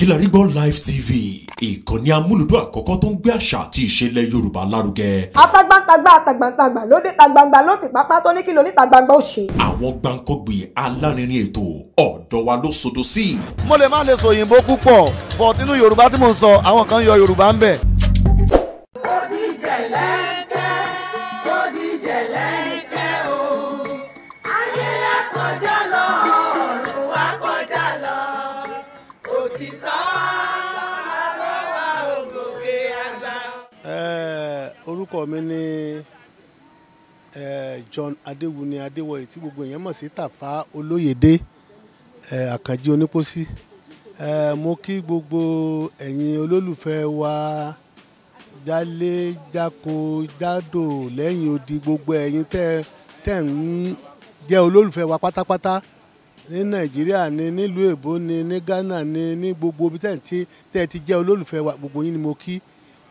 Kilarigbo Live TV ìkànnì amúlùdún àkọ́kọ́ tó ń gbé àṣà àti ìṣẹ̀lẹ̀ Yorùbá lárugẹ. atagbantagba àtàgbàntagbà lóde tagbangba ló ti pápá tó ní kí lóní tagbangba ó ṣe. àwọn gbàǹkọ̀gbì alárinrin ètò ọ̀dọ́ wa ló sodo sí. mo lè má lè sòyìnbó púpọ̀ bọ̀ nínú Yorùbá tí mo ń sọ àwọn kan yọ Yorùbá ń bẹ̀. orúkọ mi ni John Adéwuni Adéwọyè tí gbogbo èèyàn mọ̀ sí Tàfà Olóyèdé Àkànjí Onípòsí mo kí gbogbo ẹ̀yin olólùfẹ́ wa jálé jáko jádò lẹ́yìn odi gbogbo ẹ̀yin tẹ́ ń jẹ́ olólùfẹ́ wa pátápátá ní Nàìjíríà ni nílùú èbó ni ní Ghana ni ní gbogbo ibi tẹ́ ẹ ti jẹ́ olólùfẹ́ wa gbogbo yín ni mo kí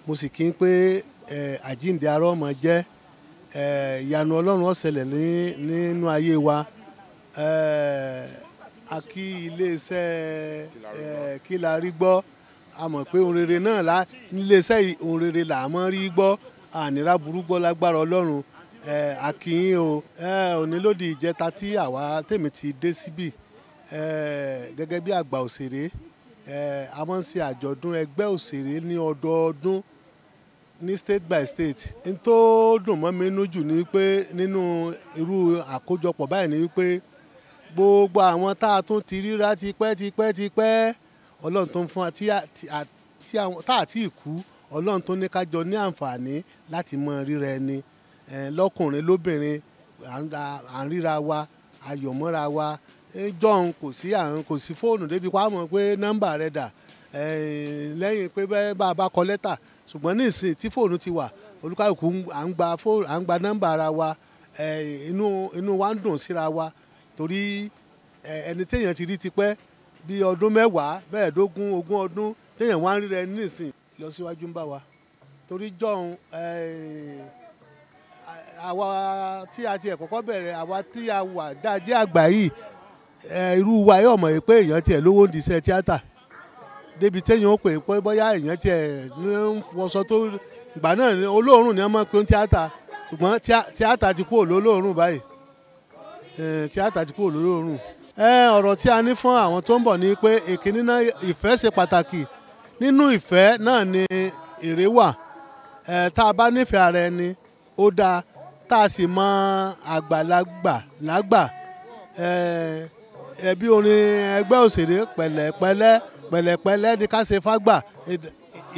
mo sì kí pé Eh, àjíǹde ará ọmọ jẹ́ eh, ìyanu ọlọ́run ó ṣẹlẹ̀ nínú ayé wa eh, a kí iléeṣẹ́ la rí gbọ́ a mọ̀ pé ohun rere náà la iléeṣẹ́ ohun rere là á mọ́ rí gbọ́ ànírà burú gbọ́ lágbára ọlọ́run a kí yín o òní lòdì ìjẹta tí àwa tèmi ti dé síbì gẹ́gẹ́ bí àgbà òṣèré a máa ń ṣe àjọ̀dún ẹgbẹ́ òṣèré ní ọdọọdún ní state by state n tó dùn mọ́ mi nínú jù ni pé nínú irú àkójọpọ̀ báyìí ni pé gbogbo àwọn tá a tún ti ríra tipẹ́ tipẹ́ tipẹ́ ọlọ́run tó ń fún wa tá a ti kú ọlọ́run tó ní ká jọ ní àǹfààní láti mọ ríra ẹni lọ́kùnrin lóbìnrin à ń ríra wa ayọ̀ mọ́ra wa jọ̀hún kò sí fóònù débi pa á mọ̀ pé nọ́mbà rẹ̀ dà lẹ́yìn pé bẹ́ẹ̀ bá a bá kọ lẹ́tà ṣùgbọ́n ní ìsìn tí fóònù ti wà olúkàlùkù à ń gba fóònù à nọ́mbà ara wa inú inú wa ń dùn síra wa torí ẹni téèyàn ti rí tipẹ́ bí ọdún mẹ́wàá mẹ́ẹ̀ẹ́dógún ogún ọdún téèyàn wá ń rí rẹ ní ìsìn lọ́síwájú ń bá wa torí jọ̀hún àwa tí a ti ẹ̀ kọ́kọ́ bẹ̀rẹ̀ àwa tí a wà dájẹ́ àgbà yìí irú wa yóò mọ̀ pé èèyàn tiẹ̀ lówó ń di tíátà débi téèyàn ó pè pé bóyá èèyàn tiẹ̀ ń fọṣọ tó ìgbà náà olóòórùn ni wọ́n máa ń pín tíátà ṣùgbọ́n tíátà ti kú olólóòórùn báyìí tíátà ti kú olólóòórùn. ọ̀rọ̀ tí a ní fún àwọn tó ń bọ̀ ni pé èkíní náà ìfẹ́ ṣe pàtàkì nínú ìfẹ́ náà ni èrè wà tá a bá nífẹ̀ẹ́ ara ẹni ó dáa tá a sì mọ àgbàlagbà lágbà ẹbí orin ẹgbẹ́ òṣèré pẹ̀lẹ́pẹ̀lẹ́ pẹ̀lẹ́pẹ̀lẹ́ ni ká ṣe fágbà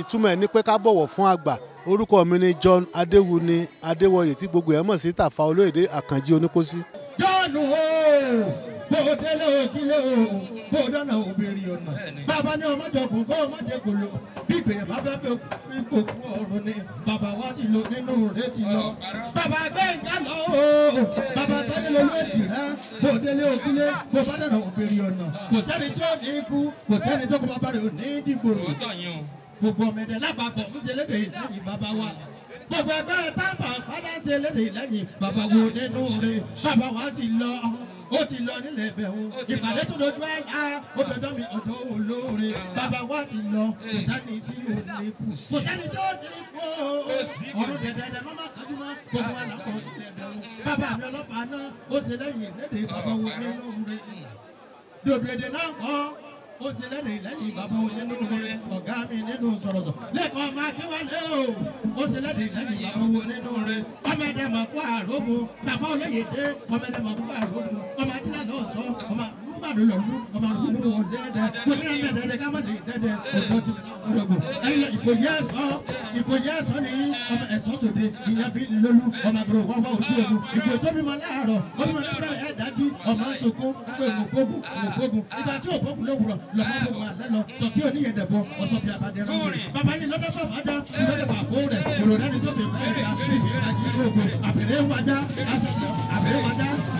ìtumọ̀ ẹ̀ ni pé ká bọ̀wọ̀ fún àgbà orúkọ mi ni John Adéwuni Adéwọyè tí gbogbo ẹ̀ mọ̀ sí Tàfà Olóyèdè Àkànjí Oníkósí. John o. Oh! bó o délé o kílé o bó o dáná o béèrè ọ̀nà bàbá ní ọmọ jọ kún kó ọmọ jẹ kò lò bí gbèyàn bá fẹ́ fẹ́ kó kú ọ̀run ni bàbá wa ti lọ nínú rẹ̀ ti lọ bàbá Gbẹ́ngà lọ o bàbá táyé lolú èjì rẹ bó o délé o kílé bó o bá dáná o béèrè ọ̀nà kò sẹ́ni tí ò ní kú kò sẹ́ni tó kó bàbá rẹ̀ ò ní dìgbòrò gbogbo ọmọdé lápapọ̀ ń ṣe lédè ìlànà bàbá wa gbogbo ẹgbẹ́ tábà padà ṣe lédè ìlànà bàbá wo nínú rẹ̀ bàbá wa ti lọ ó ti lọ nílẹ̀ ibẹ̀ o ìpàdé tó lójú àlá ó dọjọ́ mi ọ̀dọ́ olóore ah. bàbá wa ti lọ eh. kò sẹ́ni tí ò ní kú kò sẹ́ni tó ní kú ọ̀run dẹ̀dẹ̀dẹ̀ mọ́mọ́ kájú gbogbo wa lọ́kọ̀ nílẹ̀ ibẹ̀ o ah. bàbá mi ọlọ́pàá náà ó ṣe lẹ́yìn ìlédè bàbá wo ah. nínú rẹ̀ dòdòdè náà kọ́ ó ti lẹ́rìí lẹ́yìn bàbá onínú rere ọ̀gá mi nínú sọ̀rọ̀sọ̀ lẹ́kọ̀ọ́ máa kí wálé o ó ti lẹ́rìí lẹ́yìn bàbá onínú rere ọmọ ẹ̀dẹ̀ mọ̀ kó àrògùn tàfọ́ olóyè dé ọmọ mọ̀ kó àrògùn ọmọ ajílẹ̀ lọ́sọ̀ọ́ ọmọ àdó lọ́dún ọmọ àdúgbò ló wọ̀ kò ní ọ̀dẹ́ dẹ́dẹ́ ká má dé dẹ́dẹ́ ọ̀dọ́ ti ọ̀dọ̀ bò ẹ̀yìn ìkòyí ẹ̀sọ́ ìkòyí ẹ̀sọ́ ni ọmọ ẹ̀sọ́ tòde ìyá lólu ọmọ àgbọ̀rọ̀ wọ́wọ́ òjú ogun ìkòyí tó bímọ láàárọ̀ ó bímọ láàárọ̀ ẹ̀ dájú ọmọ nsokun pé òmùgbógun ìgbà tí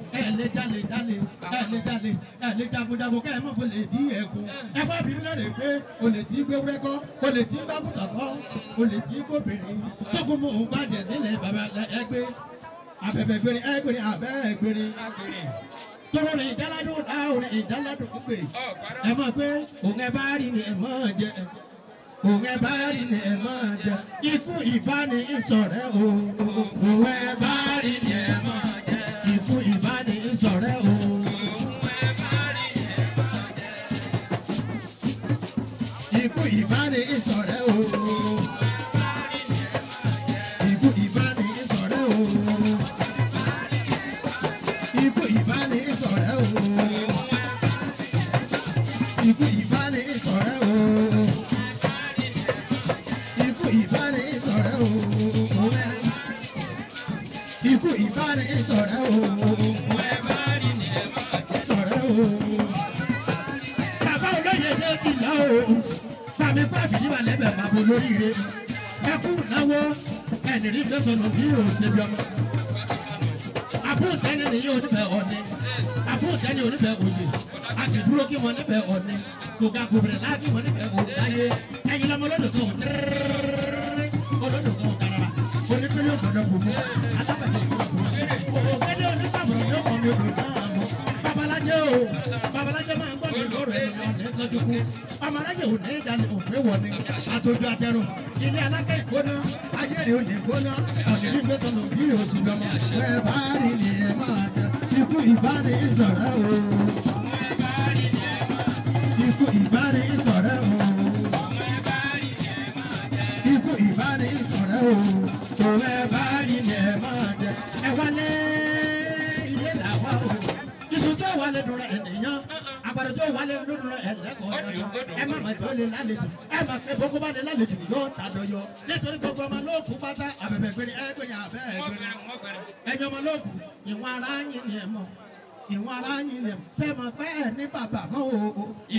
ẹ lè jalè jalè ẹ lè jalè ẹ lè jagunjagun kẹ́ ẹ mọ̀ kó lè bí ẹ̀kọ́ ẹ bá bíbí lọ́rẹ̀ pé o lè ti gbé wúrẹ́kọ́ o lè ti gbá bùtà kọ́ o lè ti gbóbìnrin tókùn mú òun gbàjẹ́ nílẹ̀ bàbá ẹgbẹ́ abẹ́bẹ́ gbére ẹgbére abẹ́ gbére tọrọ rẹ ìdáládùn dáhùn rẹ ìdáládùn gbé ẹ mọ̀ pé òun ẹ bá rí ni ẹ mọ̀ jẹ òun ẹ bá rí ni ẹ mọ̀ jẹ ikú ìbáni o òun ẹ bá rí ni ẹ mọ̀ jẹ. ikú ìbáni ìṣọ̀rẹ́ o. ikú ìbáni o. ikú ìbáni o. ikú ìbáni o. ikú ìbáni o. ikú ìbáni ìṣọ̀rẹ́ o. ìṣọ̀rẹ́ o. bàbá olóyè o mi kó àṣìṣe wà lẹ́bẹ̀ máa bo lóríire ẹkú náwó ẹnì rí gbèsòlù tí yóò ṣe bí ọmọ. àbúntẹ́ni nìyí oníbẹ̀ ọ̀ni àbúntẹ́ni oníbẹ̀ òye àtìdúró kí wọ́n níbẹ̀ ọ̀ni kòkà kòbìrì láti wọ́n níbẹ̀ òdáyé ẹ̀yin lọ́mọ olódòkó tẹ́rẹ́rẹ́rẹ́ olódòkó garaba onífẹ́lẹ́ òkòdó bùnú alábàjẹ́ òkòdó bùnú òkòdó onífàbùrọ̀ ní ọkọ̀ mi òdòdó náà alájẹ o babalájẹ máa ń gbọ́ mi lọ́rọ̀ ẹ̀ máa ní tọ́jú kú ọmọ alájẹ ò ní ìdánilẹ̀ òpè wọ̀ ni àtòjú àtẹrù ilé alákẹ́ ìgbóná ayéèrè òní ìgbóná ọ̀sìn ìgbé tọ̀nà bí òsì lọ́mọ ẹ̀ bá rí ni ẹ̀ máa tẹ ikú ìbá ní ìsọ̀rọ̀ o. ẹ má máa jọ lè lálejò ẹ má fẹ́ bó kó bá lè lálejò yóò ta dọyọ nítorí gbogbo ọmọ lóògùn pátá àbẹ̀bẹ̀ gbére ẹ gbére àbẹ́ ẹ gbére ẹ̀yin ọmọ lóògùn ìwọ̀n ara yín ni ẹ mọ̀ ìwọ̀n ara yín ni ẹ mọ̀ ṣé mo fẹ́ ẹ ní bàbá mọ́ o.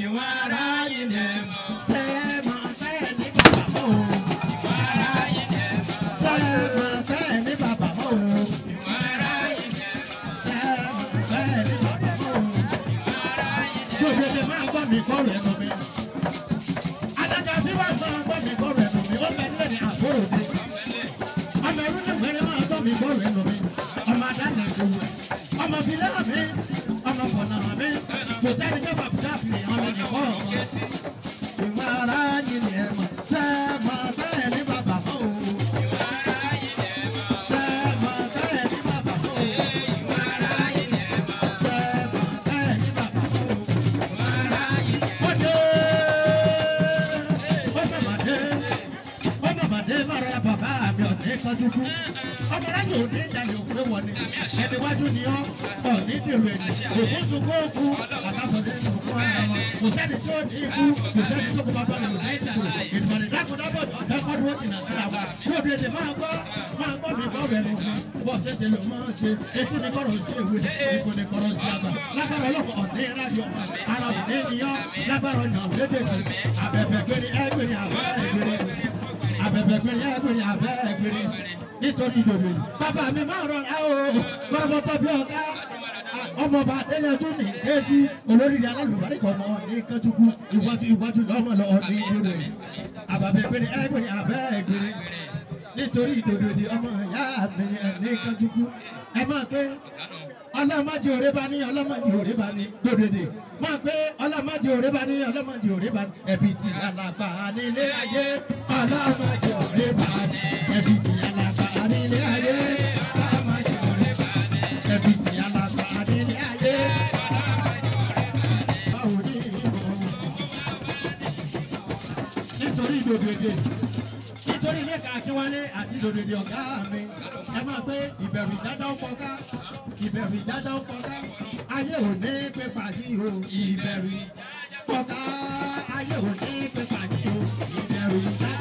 ìwọ̀n ara yín ni ẹ mọ̀ ṣé mo fẹ́ ẹ ní bàbá mọ́ o. ìwọ̀n ara yín ni ẹ mọ̀ ṣé mo fẹ́ ẹ ní bàbá mọ́ o. mi kọ́ rẹ̀ lọ mi. imaginou dèrò ẹ̀yìn òkú sunkún òkú àkàtọ̀dé sunkún àyàmọ̀ nítorí ìdòdò yìí bàbá mi máa rọra o kọ́rọ́bọ́tọ́ bí ọ̀gá ọmọ ọba adéyẹjú ní kéésì olóríire alálùbárí kan mọ ní kẹtùkù ìwájú ìwájú lọmọ lọ ọdún ìgbèrè àbàbẹ gbèrè ẹgbèrè àbẹ gbèrè nítorí ìdòdò di ọmọ ìyá mi ní kẹtùkù ẹ máa pé ọlọ́mọdé òré bá ní ọlọ́mọdé òré bá ní gbòdòdè máa pé ọlọ́mọdé òré bá ní ọlọ́mọdé òré bá ní ẹ̀bìtì alàgbà nílé ayé ọlọ́mọdé òré. ìṣòdìdì ọ̀gá mi ẹ máa pé ìbẹ̀rù ìjájá pọ̀ká ìbẹ̀rù ìjájá pọ̀ká ayé ò ní pé pàdé o ìbẹ̀rù ìjájá pọ̀ká ayé ò ní pé pàdé o ìbẹ̀rù ìjájá.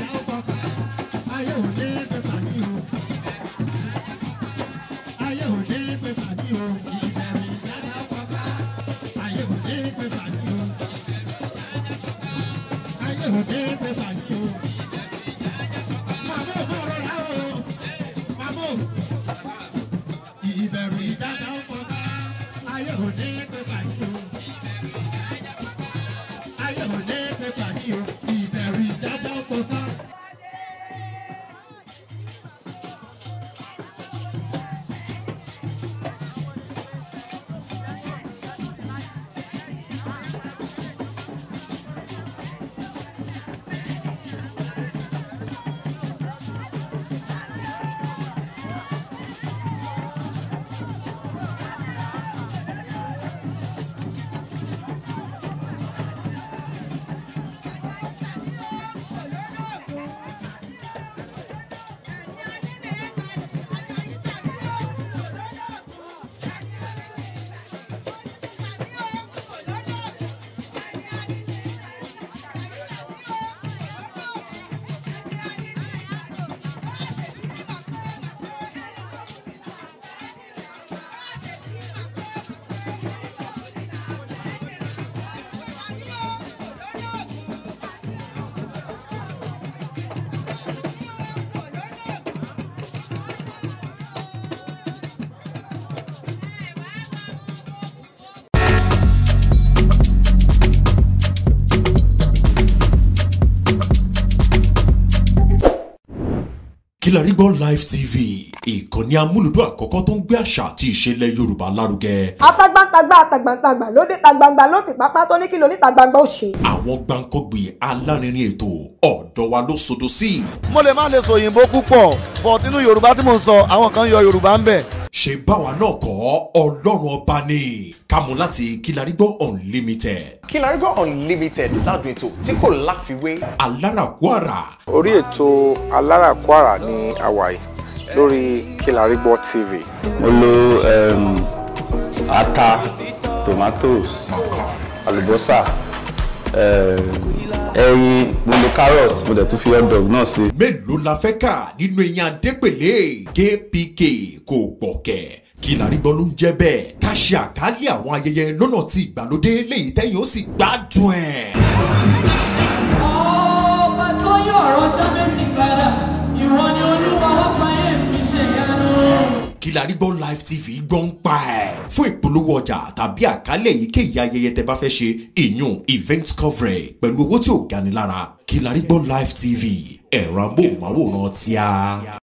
Kilarigbo Live TV ìkànnì amúlùdún àkọ́kọ́ tó ń gbé àṣà àti ìṣẹ̀lẹ̀ Yorùbá lárugẹ. atagbantagba atagbantagba lóde tagbangba ló ti pápá tó ní kí lóní tagbangba ó ṣe. àwọn gbàǹkọ̀gbì alárinrin ètò ọ̀dọ́ wa ló sodo sí. mo lè má lè sọ púpọ̀ bọ̀ nínú Yorùbá tí mo ń sọ àwọn kan yọ Yorùbá ń bẹ̀ ṣe bá wa náà kọ́ ọlọ́run ọba ni kámú láti kílarígbọ́ unlimited. kílarígbọ́ unlimited ládùn ètò tí kò láfiwé. aláràkúàrà. orí ètò aláràkúàrà ní hawaii lórí kílarígbọ́ tv. mo lo um, ata tomatoes àlùbọ́sà. Um, ẹyin mo lè carrot mo dẹ̀ tún fi hot dog náà sí. mélòó la fẹ́ kà nínú eyín adépèlé kpk kò gbọ̀kẹ̀ kí la rí gbọ́ ló ń jẹ́ bẹ́ẹ̀ ká ṣe àkálẹ̀ àwọn ayẹyẹ lọ́nà tí ìgbàlódé léyìí tẹ́yìn ó sì gbádùn ẹ̀. ọba sọyọ ọ̀rọ̀ jọmẹsì padà ìrọ ni ó kí la live tv gbọ́ ń pa ẹ̀. fún ìpolówó ọjà tàbí àkálẹ̀ èyíkéyìí ayẹyẹ tẹ bá fẹ́ ṣe ìyún event coverage pẹ̀lú owó tí ò gani lára live tv ẹ̀rọ amóhùnmáwòrán tíá.